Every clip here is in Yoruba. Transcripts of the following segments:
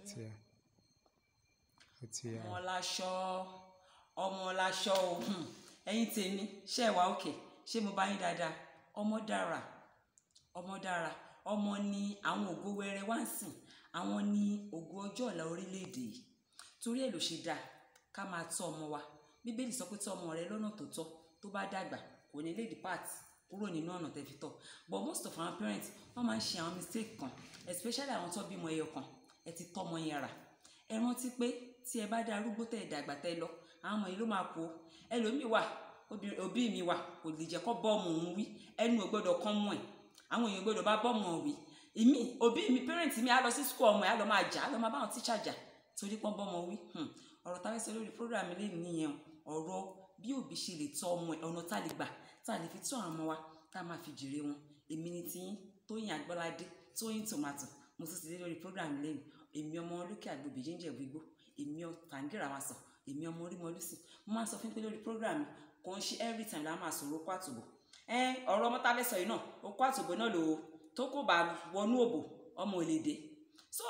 tí a ó ti a. ọmọ láṣọ ọmọ láṣọ o hmm. ẹ̀yin tèmi ṣe wà òkè ṣé mo bá yín dáadáa ọmọ dára ọmọ dára ọmọ ni àwọn ògo wẹrẹ wá ń sìn àwọn ni ògo ọjọ́ ọ̀la orílẹ̀-èdè yìí torí ẹ̀ ló ṣe dáa ká máa tọ́ ọmọ wa bíbélì sọ pé tọ́ ọmọ rẹ lọ́nà tó tọ́ tó bá dàgbà kò ní lè depart kúrò nínú ọ̀nà tẹ́fi tọ́ but most of our parents wọ́n máa ń ṣe àwọn mistake kan especially àwọn tó bímọ ẹyọ kan ẹ ti tọ́mọ yẹn rà ẹ rántí pé tí ẹ bá dá arúgbó tẹ ìdàgbà tẹ lọ àwọn ọmọ yìí ló máa kó ẹlòmíì wà òbí mi wà kò lè jẹ́ kó bọ́ọ̀mù òun wí ẹnu ò gbọ́dọ̀ kán mọ́ ẹ̀ àwọn èèyàn gbọ́dọ̀ bá bọ́ọ̀mù ọ̀ wí ìmí òbí mi parent mi á lọ sí school ọmọ ẹ̀ á lọ máa jà á lọ máa bá àwọn tíṣà jà torí pọ́n bọ́ọ̀mù wí hmm. ọ̀rọ̀ táwọn ẹsẹ̀ lórí program lè nìyẹn ọ̀rọ̀ bí òbí ṣe lè tọ́ ọmọ ẹ̀ ọ̀nà tá a lè gbà tá a lè fi tọ́ àwọn ọmọ wa tá a máa fi jèrè wọn èmi ni tiyín Tóyìn Àgbọ́ládé Tóyìn Tòmátò mo tún ti dé lórí program lẹ́nu èmi ọmọ olókè àgbègbè jíjẹ gbígbó èmi ọ̀tàǹgìrà wa sọ èmi ọmọ orí mọlúsì mo máa sọ fún pé lórí program kò ń ṣe every time la máa sọ̀rọ̀ okó àtòbò ọ̀rọ̀ ọmọ tá a fẹ́ sọ yìí náà okó àtòbò náà lò ó tó kò bá wọnú òbò ọmọ ò lè dé so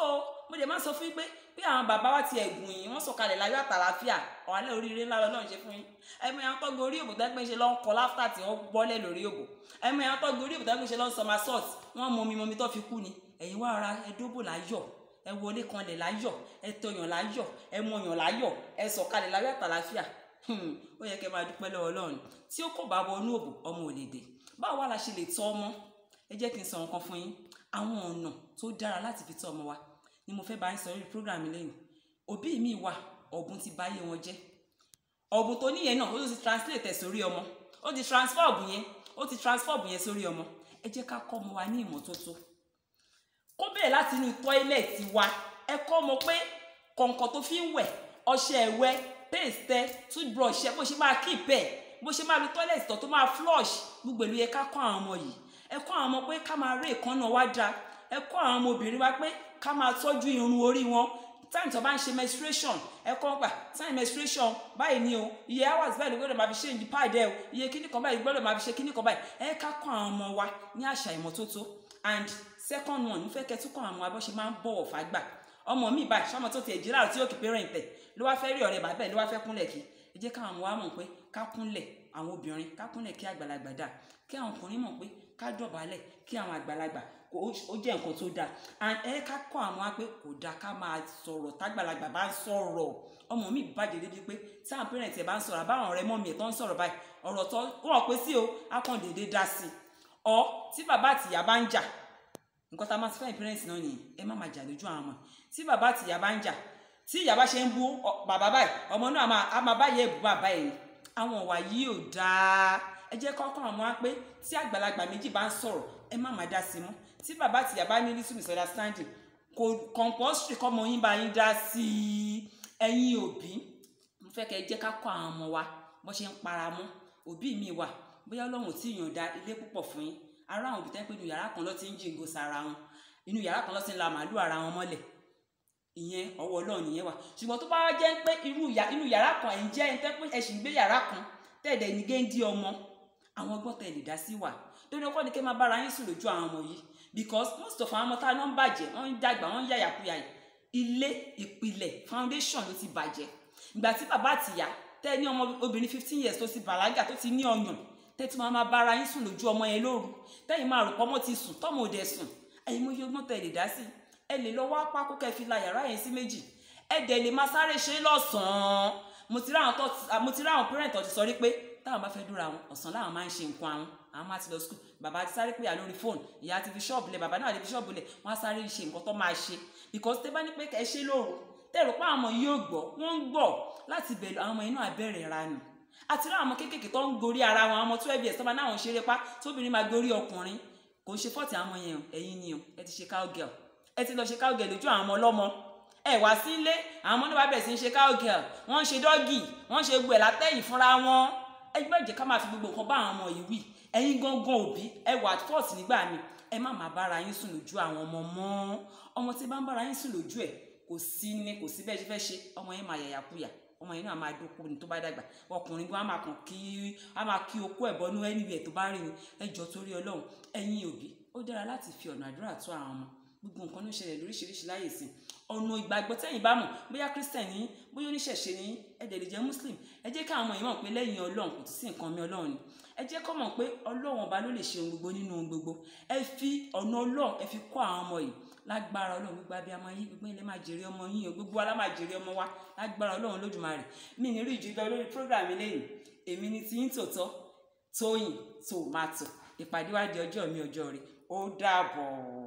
mo dẹ̀ máa sọ fún yín pé bí àwọn bàbá wa ti ẹ̀gùn yìí wọ́n sọ̀kalẹ̀ láyọ̀ àtàlàfíà ọ̀hálẹ̀ oríire ńlá lọ́nà ṣe fún yín ẹ̀mọ yẹn tọ́gbọ orí òbò dágbé ṣe lọ́n kọ́ láfítà tí wọ́n bọ́lẹ̀ lórí òbò ẹ̀mọ yẹn tọ́gbọ orí òbò dágbé ṣe lọ́n sọmasọ́ọ̀tì wọ́n mọ omi mọ tó fi kú ni ẹ̀yin wá ara ẹdóbò láyọ̀ ẹ wọlé kanlẹ̀ láyọ̀ ẹ tọyàn láyọ̀ ẹ mọyàn láyọ̀ ẹ sọ̀kalẹ̀ láyọ̀ àtàlàfíà hmm, ó yẹ kẹ́ máa dúpẹ́ lọ́wọ́ Ọlọ́run tí ó kò bá wọnú òbò ọmọ ò lè dè báwo wá la ṣe lè tọ́ ọmọ ẹ jẹ́ kí n sọ nǹkan fún yín àwọn ọ̀nà tó dára láti fi tọ́ ọmọ wa ni mo fẹ́ bá ń sọ lórí program lẹ́yìn òbí mi wà ọ̀bùn ti báyé wọn jẹ́ ọ̀bùn tó níyẹn náà ó ti translate ẹ̀ sórí ọmọ ó ti transfer ọ̀bùn yẹn ó ti transfer ọ̀bùn yẹn sórí ọmọ ẹ jẹ́ ká kọ́ ọmọ wa ní ìmọ́tótó kó bẹ̀rẹ̀ láti inú tọ́ílẹ̀tì wa ẹ kọ́ ọmọ pé kọ̀ǹkọ̀ tó fi ń wẹ̀ ọṣẹ ẹ̀wẹ̀ paste toothbrush ẹ bó ṣe máa keep ẹ bó ṣe máa lu tọ́ílẹ̀tì tó tó máa flush gbogbo èlò yẹ ká kọ́ àwọn ọmọ yìí ẹ kọ́ àwọn ọmọ pé ká máa ré ìkànnà wá da ẹ kọ́ àwọn ọmọbìnrin wa pé ká máa tọ́jú irun orí wọn táyìn tó bá ń ṣe menstruation ẹ̀kọ́ gbà táyìn menstruation báyìí ni o iye hours báyìí ló gbọ́dọ̀ máa fi ṣe ìdí pad ẹ o iye kíní kan báyìí gbọ́dọ̀ máa fi ṣe kíní kan báyìí ẹ ká kọ́ àwọn ọmọ wa ní àṣà ìmọ́tótó and second one ìfẹ́ kẹtùkọ̀ àwọn abọ́ṣe máa ń bọ̀wọ̀ fàgbà ọmọ mi báyìí sọmọ tó ti ẹ̀jìrà tí òkè parent ẹ̀ ló wá fẹ́ rí ọ̀rẹ́ bàbá ẹ̀ ló wá fẹ́ kúnlẹ̀ kí ẹ jẹ́ káwọn ọmọ wa mọ̀ pé ká kúnlẹ̀ àwọn obìnrin ká kúnlẹ̀ kí àgbàlagbà dà kí àwọn ọkùnrin mọ̀ pé ká dọ̀bálẹ̀ kí àwọn àgbàlagbà ó jẹ́ nǹkan tó dáa and ẹ ká kọ́ àwọn wa pé kò dáa ká máa sọ̀rọ̀ tágbàlagbà bá ń sọ̀rọ̀ ọmọ mi bàjẹ́ débi pé tí àwọn parent ẹ̀ bá ń sọ̀rọ̀ àbáwọn ọ̀rẹ́ mọ́ mi ẹ̀ tó ń sọ̀rọ̀ báyìí ọ̀rọ̀ tó rọ̀ pé sí o á kàn déédéé dá sí i ọ tí bàbá àtìyá bá ń jà nǹkan tá a máa ti fẹ́ parents náà nìyẹn ẹ má máa jà lójú àwọn ọmọ tí bàbá àtìyá bá ń jà tí ìyá bá ṣe ń bú bàbá báyìí ọmọ náà a máa bá yẹ bú bàbá ẹ̀ ni àwọn ọ̀wà yìí ò dáa ẹ jẹ́ kọ́kọ́ àwọn á pé tí àgbàlagbà méjì bá ń sọ̀rọ̀ ẹ má máa dá sí mọ́ tí bàbá àtìyá bá ní little misunderstanding kò compulsory bóyá ọlọ́run tí ìyọ̀ǹda ilé púpọ̀ fún yín ará àwọn òbí tẹ́ pé inú yàrá kan ló ti ń jìngò sára wọn inú yàrá kan ló ti ń la màálù ara wọn mọ́lẹ̀ ìyẹn ọwọ́ ọlọ́run nìyẹn wà ṣùgbọ́n tó bá wá jẹ́ pé inú yàrá kan ẹ̀ ń jẹ́ ẹ̀ pé gbé yàrá kan tẹ̀dẹ̀ ní géńdé ọmọ àwọn ọgbọ́n tẹ̀ lè dá sí wà torí ọkọ ni kẹ́ máa bára yín sùn lójú àwọn ọmọ yìí because most of àwọn ọmọ tá a lọ ń bàjẹ́ wọ́n ń dàgbà wọ́n fifteen years tó ti bàlágà tó ti tẹ́tí máa máa bára yín sùn lójú ọmọ yẹn lóru tẹ́yìn máa rò pọ́mọ́ ti sùn tọ́mọ òde sùn ẹ̀yin mo yẹ ọgbọ́n tẹ̀ lè dá sí ẹ lè lọ wá pákó kẹ́ fi la yàrá yẹn sí méjì ẹ dẹ̀ lè máa sáré ṣe lọ́sàn-án mo ti ráwọn parent ọ̀tí sọ rí pé táwọn bá fẹ́ dúra wọn ọ̀sán láwọn máa ń ṣe nǹkan àwọn àwọn máa ti lọ skul bàbá ti sáré pé à lórí fóònù ìyá ti fi ṣọ́ọ̀bù lẹ̀ bàbá náà ti fi ṣọ́ọ̀bù lẹ̀ wọ́n á sáré ṣe nǹkan tó máa ṣe because tẹ́ bá ní pé kẹ́ ṣe lóru tẹ̀rù pé àwọn ọmọ yìí yóò gbọ́ wọ́n ń gbọ́ láti bẹ̀rù àwọn ọmọ inú àbẹ̀rẹ̀ ra nù àti rá àwọn kéékèèké tó ń gorí ara wọn ọmọ twelve years tó máa náwọn ṣeré pa tóbìnrin máa gorí ọkùnrin kò ń ṣe fọ́ọ̀tì àwọn èèyàn ẹ̀yin ni o ẹ ti ṣe cowgirl ẹ ti lọ ṣe cowgirl lójú àwọn ọmọ ọlọ́mọ ẹ wá sí ilé àwọn ọmọ náà bá bẹ̀rẹ̀ sí ń ṣe cowgirl wọ́n ń ṣe dọ́gì wọ́n ń ṣe gbẹ̀ látẹ̀yìn fúnra wọn ẹ gbọ́ ìjẹ́ ká máa fi gbogbo nǹkan bá àwọn ọmọ yìí wí ẹ̀yin gangan òbí ẹ wà fọ́ọ̀tì nígbà mi ẹ má máa bára yín sùn lójú àwọn ọmọ mọ́ ọmọ tí bá ń bára yín sùn lójú ẹ̀ kò sí ní kò sí bẹ́ẹ̀ ṣe fẹ́ ṣe ọmọ yẹn máa yàyàkuyà ọmọ yẹn náà máa dóko ní tó bá dàgbà ọkùnrin bí wọn máa kàn kí wọn máa kí okó ẹbọ ní ẹnìwẹ tó bá rìn ẹjọ torí Ọlọ́run ẹ̀yin òbí ó dára láti fi ọ̀nà àdúrà tó àwọn ọmọ gbogbo nǹkan ló ṣẹlẹ̀ lóríṣiríṣi láyè sí ọ̀nà ìgbàgbọ́ tẹ́yìn bá mọ̀ bóyá christian ní bóyá oníṣẹ̀ṣe ní ẹ̀dẹ̀ lè jẹ́ muslim ẹ jẹ́ ká àwọn èèyàn pé lẹ́yìn ọlọ́run kò tún sí nǹkan mi ọlọ́run ni ẹ jẹ́ kọ́ mọ̀ pé ọlọ́run ọba ló lè ṣe ohun gbogbo nínú ohun gbogbo ẹ fi ọ̀nà ọlọ́run ẹ fi kọ́ àwọn ọmọ yìí lágbára ọlọ́run gbogbo abiyamọ yín gbogbo ilé máa jèrè ọmọ yín o gbogbo alá máa jèrè ọmọ wa lágbára ọlọ́run lódùmarè mi ní rí ìjìnlẹ̀ lórí program lẹ́yìn èmi ni ti yín tòótọ́ Tóyìn Tòmátò ìpàdé wa di ọjọ́ mi ọjọ́ rẹ̀ ó dàbọ̀.